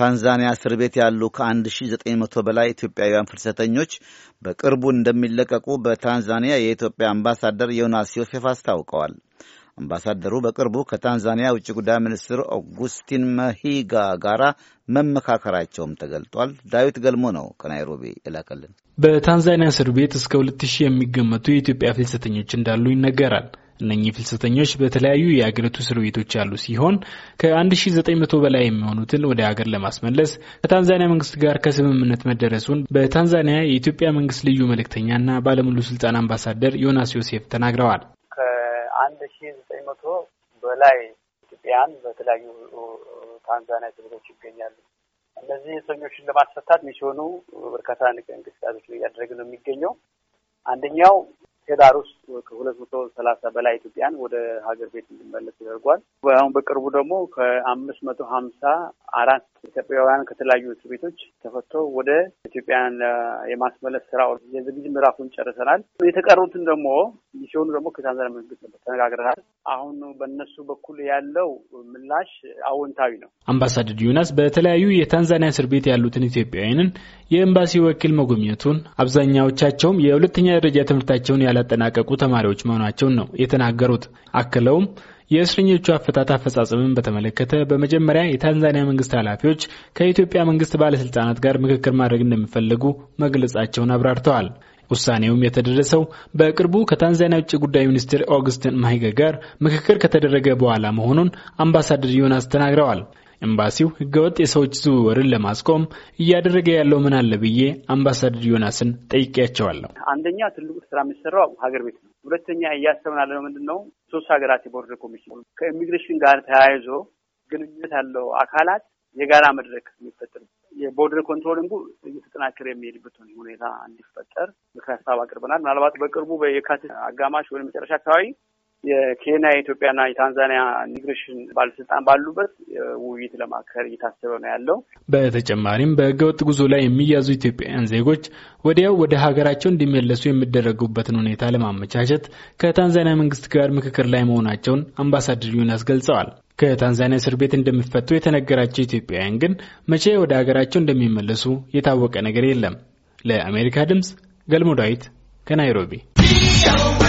በታንዛኒያ እስር ቤት ያሉ ከ1900 በላይ ኢትዮጵያውያን ፍልሰተኞች በቅርቡ እንደሚለቀቁ በታንዛኒያ የኢትዮጵያ አምባሳደር ዮናስ ዮሴፍ አስታውቀዋል። አምባሳደሩ በቅርቡ ከታንዛኒያ ውጭ ጉዳይ ሚኒስትር ኦጉስቲን መሂጋ ጋር መመካከራቸውም ተገልጧል። ዳዊት ገልሞ ነው ከናይሮቢ የላከልን። በታንዛኒያ እስር ቤት እስከ 2000 የሚገመቱ የኢትዮጵያ ፍልሰተኞች እንዳሉ ይነገራል። እነኚህ ፍልሰተኞች በተለያዩ የአገሪቱ እስር ቤቶች ያሉ ሲሆን ከ1900 በላይ የሚሆኑትን ወደ ሀገር ለማስመለስ ከታንዛኒያ መንግስት ጋር ከስምምነት መደረሱን በታንዛኒያ የኢትዮጵያ መንግስት ልዩ መልእክተኛና ባለሙሉ ስልጣን አምባሳደር ዮናስ ዮሴፍ ተናግረዋል። ከ1900 በላይ ኢትዮጵያውያን በተለያዩ ታንዛኒያ ክልሎች ይገኛሉ። እነዚህ እስረኞችን ለማስፈታት ሚሲሆኑ በርካታ እንቅስቃሴዎች እያደረገ ነው የሚገኘው አንደኛው ሄዳር ውስጥ ከሁለት መቶ ሰላሳ በላይ ኢትዮጵያን ወደ ሀገር ቤት እንዲመለስ ተደርጓል። አሁን በቅርቡ ደግሞ ከአምስት መቶ ሀምሳ አራት ኢትዮጵያውያን ከተለያዩ እስር ቤቶች ተፈቶ ወደ ኢትዮጵያን የማስመለስ ስራ የዝግጅት ምዕራፉን ጨርሰናል። የተቀሩትን ደግሞ ሲሆኑ ደግሞ ከታንዛኒያ መንግስት ተነጋግረናል። አሁን በእነሱ በኩል ያለው ምላሽ አዎንታዊ ነው። አምባሳደር ዩናስ በተለያዩ የታንዛኒያ እስር ቤት ያሉትን ኢትዮጵያውያንን የኤምባሲ ወኪል መጎብኘቱን አብዛኛዎቻቸውም የሁለተኛ ደረጃ ትምህርታቸውን ያላጠናቀቁት ተማሪዎች መሆናቸውን ነው የተናገሩት። አክለውም የእስረኞቹ አፈታት አፈጻጸምን በተመለከተ በመጀመሪያ የታንዛኒያ መንግስት ኃላፊዎች ከኢትዮጵያ መንግስት ባለስልጣናት ጋር ምክክር ማድረግ እንደሚፈልጉ መግለጻቸውን አብራርተዋል። ውሳኔውም የተደረሰው በቅርቡ ከታንዛኒያ ውጭ ጉዳይ ሚኒስትር ኦግስትን ማሂገ ጋር ምክክር ከተደረገ በኋላ መሆኑን አምባሳደር ዮናስ ተናግረዋል። ኤምባሲው ህገወጥ የሰዎች ዝውውርን ለማስቆም እያደረገ ያለው ምን አለ ብዬ አምባሳደር ዮናስን ጠይቄያቸዋለሁ። አንደኛ ትልቁ ስራ የሚሰራው ሀገር ቤት ነው። ሁለተኛ እያሰብን ነው ምንድን ነው፣ ሶስት ሀገራት የቦርደር ኮሚሽን ከኢሚግሬሽን ጋር ተያይዞ ግንኙነት ያለው አካላት የጋራ መድረክ የሚፈጥር የቦርደር ኮንትሮሊንጉ እየተጠናከረ የሚሄድበትን ሁኔታ እንዲፈጠር ምክር ሀሳብ አቅርበናል። ምናልባት በቅርቡ የካቲት አጋማሽ ወይም መጨረሻ አካባቢ የኬንያ የኢትዮጵያና የታንዛኒያ ኢሚግሬሽን ባለስልጣን ባሉበት ውይይት ለማካሄድ እየታሰበ ነው ያለው። በተጨማሪም በህገወጥ ጉዞ ላይ የሚያዙ ኢትዮጵያውያን ዜጎች ወዲያው ወደ ሀገራቸው እንዲመለሱ የሚደረጉበትን ሁኔታ ለማመቻቸት ከታንዛኒያ መንግስት ጋር ምክክር ላይ መሆናቸውን አምባሳደር ዩናስ ገልጸዋል። ከታንዛኒያ እስር ቤት እንደሚፈቱ የተነገራቸው ኢትዮጵያውያን ግን መቼ ወደ ሀገራቸው እንደሚመለሱ የታወቀ ነገር የለም። ለአሜሪካ ድምጽ ገልሞ ዳዊት ከናይሮቢ